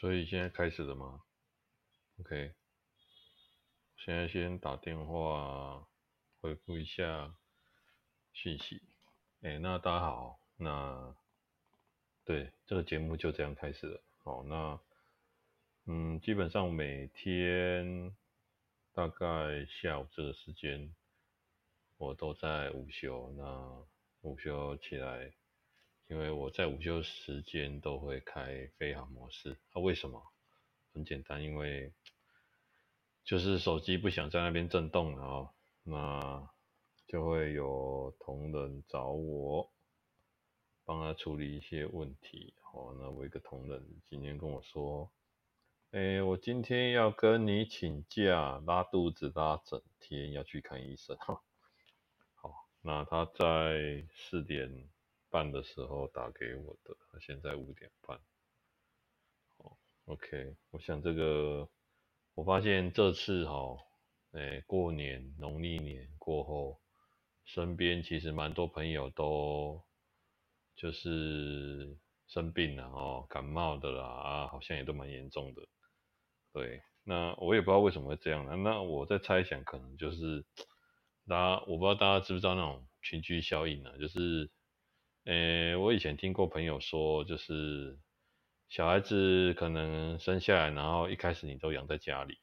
所以現在開始了嗎？OK，現在先打電話回復一下信息。哎、欸，那大家好，那對這個節目就這樣開始了。好，那嗯，基本上每天大概下午這個時間，我都在午休。那午休起來。因為我在午休時間都會開飛航模式，那、啊、為什麼？很簡單，因為就是手機不想在那邊震動的哦。那就會有同仁找我，幫他處理一些問題。哦，那我一個同仁今天跟我說，哎、欸，我今天要跟你請假，拉肚子拉整天，要去看醫生。好，那他在四點。半的時候打給我的，現在五點半。哦，OK，我想這個，我發現這次哈、哦，哎，過年農曆年過後，身邊其實蠻多朋友都就是生病了哦，感冒的啦，啊，好像也都蠻嚴重的。對，那我也不知道為什麼會這樣了、啊。那我再猜想，可能就是大家，我不知道大家知不知道那種群居效應呢，就是。誒，我以前聽過朋友說，就是小孩子可能生下來，然後一開始你都養在家裡。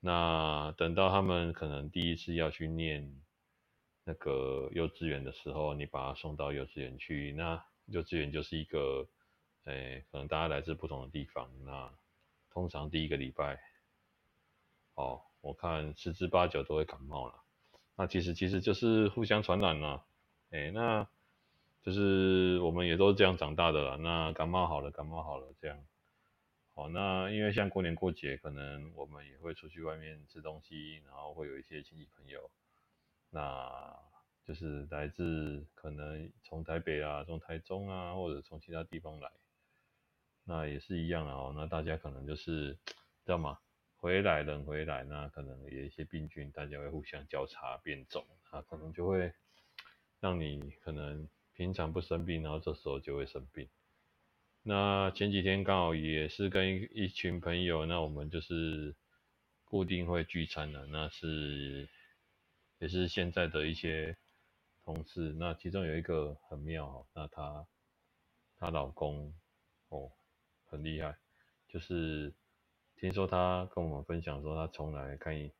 那等到他們可能第一次要去念那個幼稚園的時候，你把他送到幼稚園去。那幼稚園就是一個，誒，可能大家來自不同的地方。那通常第一個禮拜，哦，我看十之八九都會感冒了。那其實其實就是互相傳染了，啊。誒，那。就是我們也都這樣長大的啦。那感冒好了，感冒好了，這樣。好，那因為像過年過節，可能我們也會出去外面吃東西，然後會有一些親戚朋友，那就是來自可能從台北啊、從台中啊，或者從其他地方來，那也是一樣啊、哦。那大家可能就是知道嗎？回來人回來，那可能有一些病菌，大家會互相交叉變種啊，那可能就會讓你可能。平常不生病，然後這時候就會生病。那前幾天剛好也是跟一,一群朋友，那我們就是固定會聚餐的。那是也是現在的一些同事。那其中有一個很妙、哦，那她她老公哦，很厲害，就是聽說她跟我們分享說，她從來看醫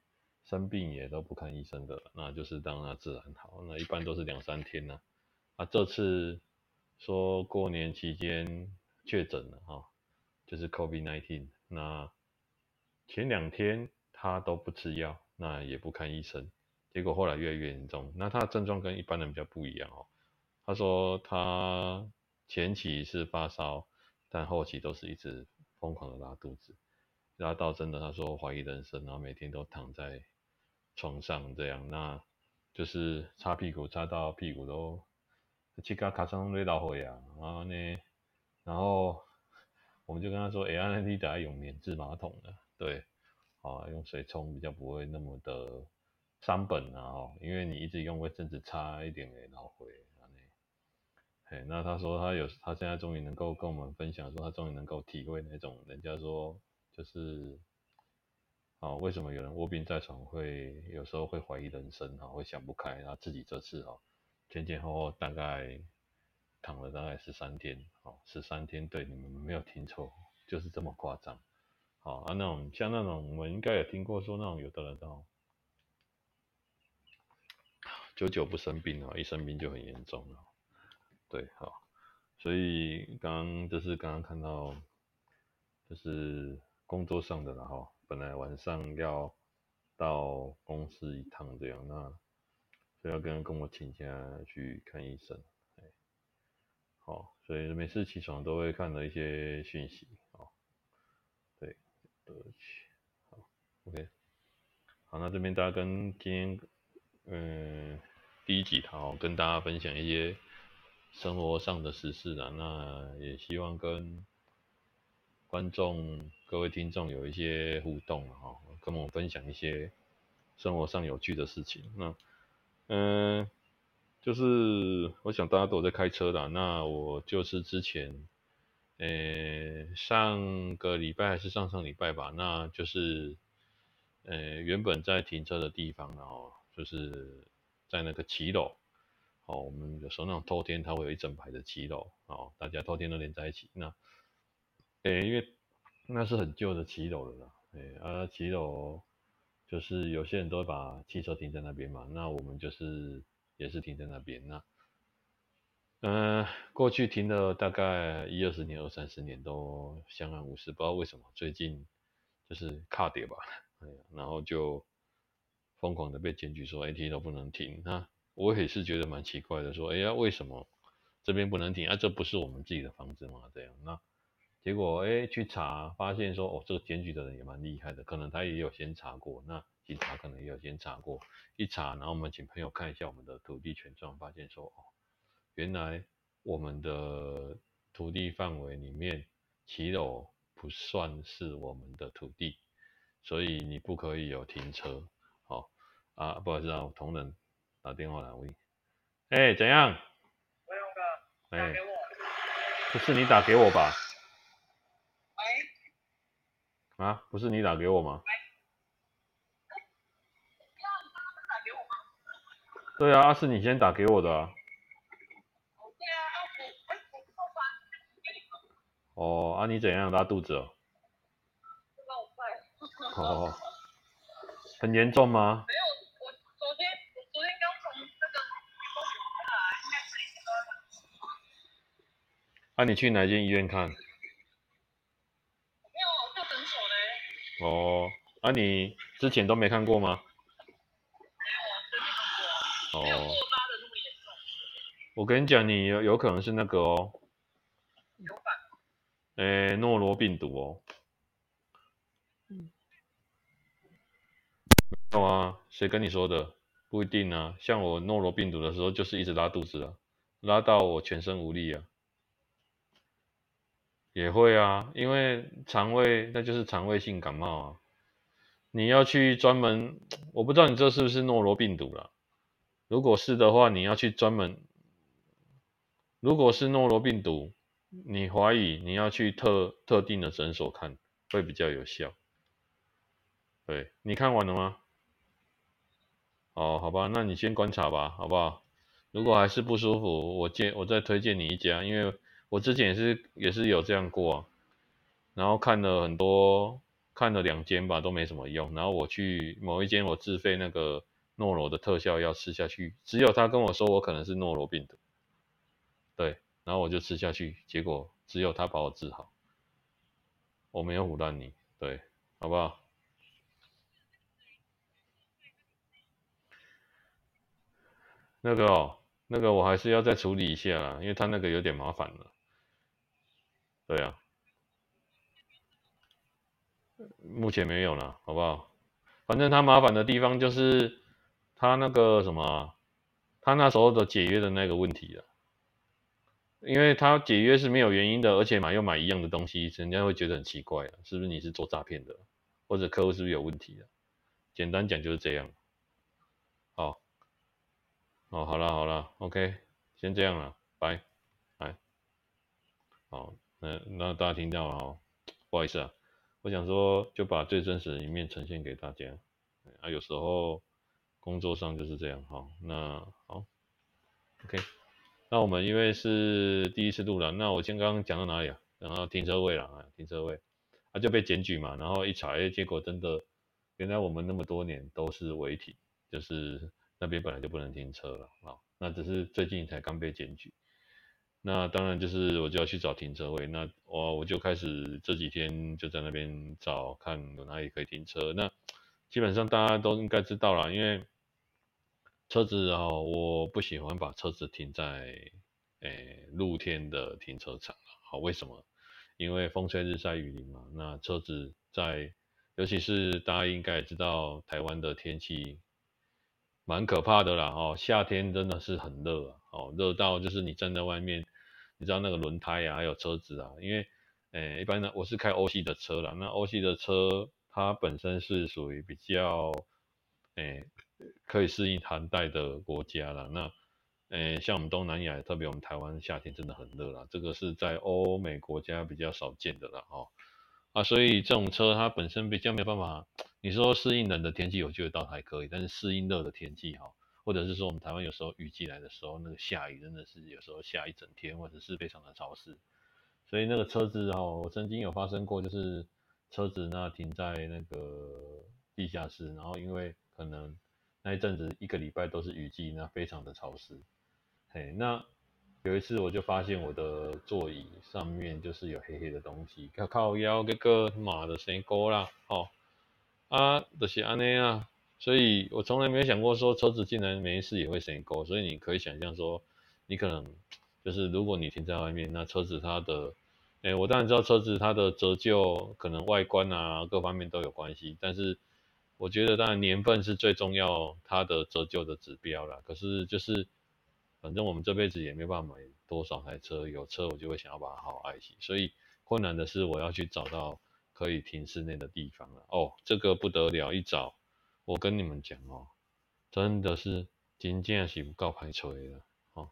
生病也都不看醫生的，那就是讓它自然好。那一般都是兩三天呢、啊。啊，這次說過年期間確診了哈、哦，就是 COVID-19。那前兩天他都不吃藥，那也不看醫生，結果後來越來越嚴重。那他的症狀跟一般人比較不一樣哦。他說他前期是發燒，但後期都是一直瘋狂的拉肚子，拉到真的他說懷疑人生，然後每天都躺在床上這樣。那就是擦屁股擦到屁股都，去給卡上那老灰啊，然後呢，然後我們就跟他說，哎、欸啊，那地方用免治馬桶呢對，啊用水沖比較不會那麼的傷本啊，哈、哦，因為你一直用，會甚至差一點誒，老、啊、灰，安尼，那他說他有，他現在終於能夠跟我們分享，說他終於能夠體會那種人家說，就是，啊為什麼有人臥病在床會，會有時候會懷疑人生啊，會想不開，他自己這次啊。前前後後大概躺了大概十三天，哦，十三天，對你們沒有聽錯，就是這麼誇張，好、哦、啊那種像那種我們應該也聽過說那種有的人到、哦、久久不生病哦，一生病就很嚴重了、哦，對，好、哦，所以剛，剛就是剛剛看到就是工作上的了、哦、本來晚上要到公司一趟這樣那。不要跟跟我請假去看醫生，哎，好，所以每次起床都會看到一些訊息，啊，對，多好，OK，好，那這邊大家跟今天，嗯，第一集，好，跟大家分享一些生活上的實事啊，那也希望跟觀眾各位聽眾有一些互動哈，跟我分享一些生活上有趣的事情，那。嗯、呃，就是我想大家都在開車啦。那我就是之前，誒、呃，上個禮拜還是上上禮拜吧，那就是，誒、呃，原本在停車的地方啦、喔，然後就是在那個騎樓，哦、喔，我們有時候那種透天，它會有一整排的騎樓，哦、喔，大家透天都連在一起，那，誒、欸，因為那是很舊的騎樓了啦，誒、欸，啊，騎樓。就是有些人都會把汽車停在那邊嘛，那我們就是也是停在那邊。那，嗯、呃，過去停了大概一二十年、二三十年都相安無事，不知道為什麼最近就是卡碟吧，哎呀，然後就瘋狂的被檢舉說哎停都不能停啊！我也是覺得蠻奇怪的說，說哎呀為什麼這邊不能停啊？這不是我們自己的房子嗎？這樣那。結果，誒，去查，發現說，哦，這個檢舉的人也蠻厲害的，可能他也有先查過，那警察，可能也有先查過，一查，然後我們請朋友看一下我們的土地權狀，發現說，哦，原來我們的土地範圍裡面騎樓不算是我們的土地，所以你不可以有停車，哦，啊，不好意思啊，我同仁打電話來問。哎，怎樣？哎，不是你打給我吧？啊，不是你打給我嗎？對啊，是你先打給我的啊哦、啊，那你怎樣拉肚子哦，哦？很嚴重嗎？啊？那、啊、你去哪間醫院看？哦，啊，你之前都沒看過嗎？沒有、啊啊、哦沒有。我跟你講，你有可能是那個哦。有吧？誒，諾羅病毒哦。嗯。沒有啊，誰跟你說的？不一定啊。像我諾羅病毒的時候，就是一直拉肚子啊，拉到我全身無力啊。也會啊，因為腸胃，那就是腸胃性感冒啊。你要去專門，我不知道你這是不是諾羅病毒了。如果是的話，你要去專門。如果是諾羅病毒，你懷疑你要去特，特定的診所看，會比較有效。對，你看完了嗎？哦，好吧，那你先觀察吧，好不好？如果還是不舒服，我介我再推薦你一家，因為。我之前也是也是有這樣過啊，然後看了很多，看了兩間吧，都沒什麼用。然後我去某一間，我自費那個諾羅的特效藥吃下去，只有他跟我說我可能是諾羅病毒，對，然後我就吃下去，結果只有他把我治好，我沒有唬爛你，對，好不好？那個哦，那個我還是要再處理一下啦，因為他那個有點麻煩了。對啊，目前沒有了，好不好？反正他麻煩的地方就是他那個什麼，他那時候的解約的那個問題了啊，因為他解約是沒有原因的，而且買又買一樣的東西，人家會覺得很奇怪啊，是不是你是做詐騙的，或者客戶是不是有問題的啊？簡單講就是這樣。好，哦，好了好了，OK，先這樣了，拜，來，好。那，那大家聽到啊、哦，不好意思啊，我想說就把最真實的一面呈現給大家。啊，有時候工作上就是這樣哈、哦。那好，OK，那我們因為是第一次錄了，那我先剛剛講到哪裡啊？講到停車位了啊，停車位，啊就被檢舉嘛，然後一查，哎，結果真的，原來我們那麼多年都是違停，就是那邊本來就不能停車了啊，那只是最近才剛被檢舉。那當然就是我就要去找停車位，那我我就開始這幾天就在那邊找看有哪裡可以停車。那基本上大家都應該知道啦，因為車子啊、哦，我不喜歡把車子停在誒、欸、露天的停車場。好，為什麼？因為風吹日曬雨淋嘛。那車子在，尤其是大家應該知道，台灣的天氣蠻可怕的啦。哦，夏天真的是很熱啊。哦，熱到就是你站在外面。你知道那個輪胎呀、啊，還有車子啊，因為，誒、欸，一般呢，我是開歐系的車啦。那歐系的車它本身是屬於比較，誒、欸，可以適應寒帶的國家啦。那，誒、欸，像我們東南亞，特別我們台灣夏天真的很熱了，這個是在歐美國家比較少見的了哦、喔，啊，所以這種車它本身比較沒有辦法，你說適應冷的天氣，我覺得倒還可以，但是適應熱的天氣哈。或者是說，我們台灣有時候雨季來的時候，那個下雨真的是有時候下一整天，或者是非常的潮濕。所以那個車子哦，我曾經有發生過，就是車子那停在那個地下室，然後因為可能那一陣子一個禮拜都是雨季，那非常的潮濕。嘿，那有一次我就發現我的座椅上面就是有黑黑的東西，靠靠腰這個馬的生菇啦，吼、哦，啊，就是安尼啊。所以我從來沒有想過說，車子竟然沒事也會損耗。所以你可以想象說，你可能就是如果你停在外面，那車子它的，哎，我當然知道車子它的折舊可能外觀啊、各方面都有關係，但是我覺得當然年份是最重要它的折舊的指標了。可是就是反正我們這輩子也沒辦法買多少台車，有車我就會想要把它好好愛惜。所以困難的是我要去找到可以停室內的地方了。哦，這個不得了一找，我跟你們講哦，真的是金價是不夠排車的哦，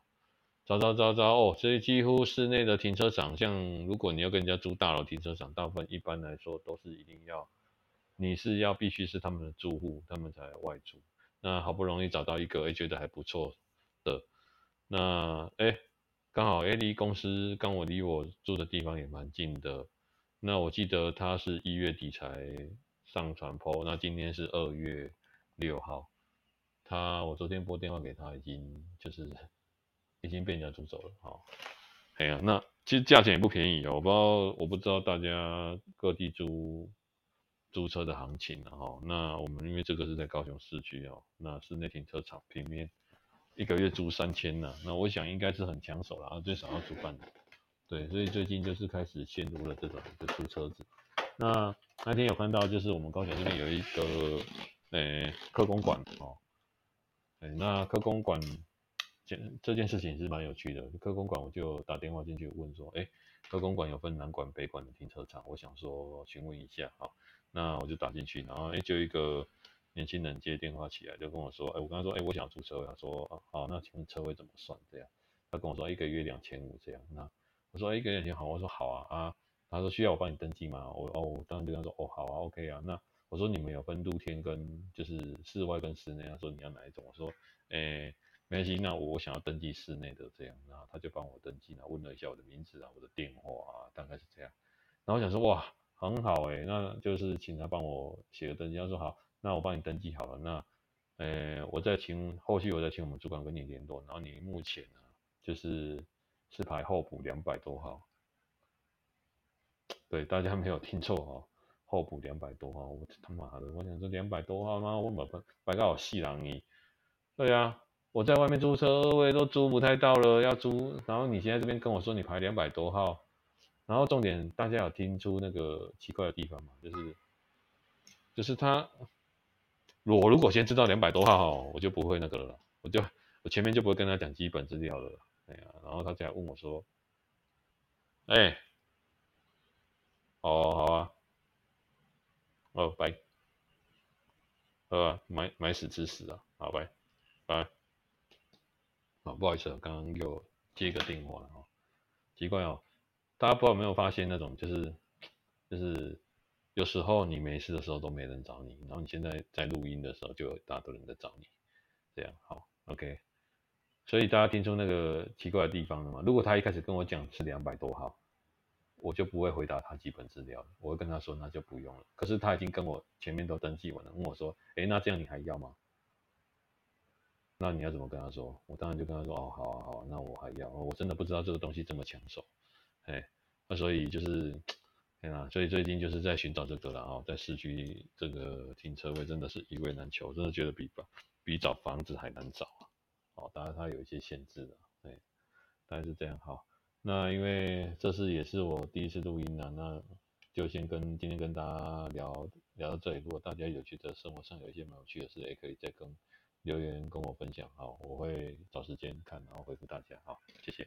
找找找找哦，這幾乎室內的停車場，像如果你要跟人家租大樓停車場，大部分一般來說都是一定要，你是要必須是他們的住戶，他們才外租。那好不容易找到一個，哎覺得還不錯的，那哎剛好哎離公司剛我離我住的地方也蠻近的，那我記得他是一月底才上傳 PO 那今天是二月六號，他我昨天撥電話給他已、就是，已經就是已經被人家租走了，好、哦，哎呀、啊，那其實價錢也不便宜哦，我不知道我不知道大家各地租租車的行情了、哦、那我們因為這個是在高雄市區哦，那室內停車場平面一個月租三千呢，那我想應該是很搶手了啊，最少要租半年，對，所以最近就是開始陷入了這種就租車子。那那天有看到，就是我們高雄這邊有一個誒科、欸、工館哦，哎、喔欸，那科工館這這件事情是蠻有趣的。科工館我就打電話進去問說，哎、欸，科工館有分南館北館的停車場，我想說詢問一下，好，那我就打進去，然後誒、欸、就一個年輕人接電話起來就跟我說，哎、欸，我剛說，哎、欸，我想租車位，他說、啊、好，那請問車位怎麼算這樣？他跟我說、欸、一個月兩千五這樣，那我說、欸、一個月兩千好，我說好啊啊。他說需要我幫你登記嗎？我哦，我當然跟他說哦，好啊，OK 啊。那我說你們有分露天跟就是室外跟室內，他說你要哪一種？我說誒，沒關係，那我想要登記室內的這樣。那他就幫我登記了，問了一下我的名字啊，我的電話啊，大概是這樣。然後我想說哇，很好誒、欸，那就是請他幫我寫個登記。他說好，那我幫你登記好了。那誒，我再請後續我再請我們主管跟你聯絡。然後你目前呢、啊，就是是排候補兩百多號。對，大家沒有聽錯哈、哦，候補兩百多號，我他媽的，我想說兩百多號嗎？我他媽白給我細狼你。對呀、啊，我在外面租車位都租不太到了，要租，然後你現在這邊跟我說你排兩百多號，然後重點，大家有聽出那個奇怪的地方嗎？就是就是他，我如果先知道兩百多號、哦，我就不會那個了，我就我前面就不會跟他講基本資料了。對呀、啊，然後他才問我說，哎。哦，好啊，哦，拜，呃，啊，買買屎吃屎啊，好，拜，拜，哦，不好意思，剛剛又接個電話了，哦，奇怪哦，大家不知道有沒有發現那種，就是就是有時候你沒事的時候都沒人找你，然後你現在在錄音的時候就有大多人在找你，這樣好，OK，所以大家聽出那個奇怪的地方了嗎？如果他一開始跟我講是兩百多號。我就不會回答他基本資料，我會跟他說那就不用了。可是他已經跟我前面都登記完了，問我說，哎、欸，那這樣你還要嗎？那你要怎麼跟他說？我當然就跟他說，哦，好啊，好，那我還要、哦。我真的不知道這個東西這麼搶手，哎，那所以就是，哎呀、啊，所以最近就是在尋找這個了啊、哦，在市區這個停車位真的是一位難求，真的覺得比比找房子還難找啊。哦，當然它有一些限制的，對，大概是這樣哈。哦那因為這是也是我第一次錄音啊，那就先跟今天跟大家聊聊到這裡。如果大家有趣的生活上有一些蠻有趣的事，也可以再跟留言跟我分享哈，我會找時間看，然後回復大家哈，謝謝。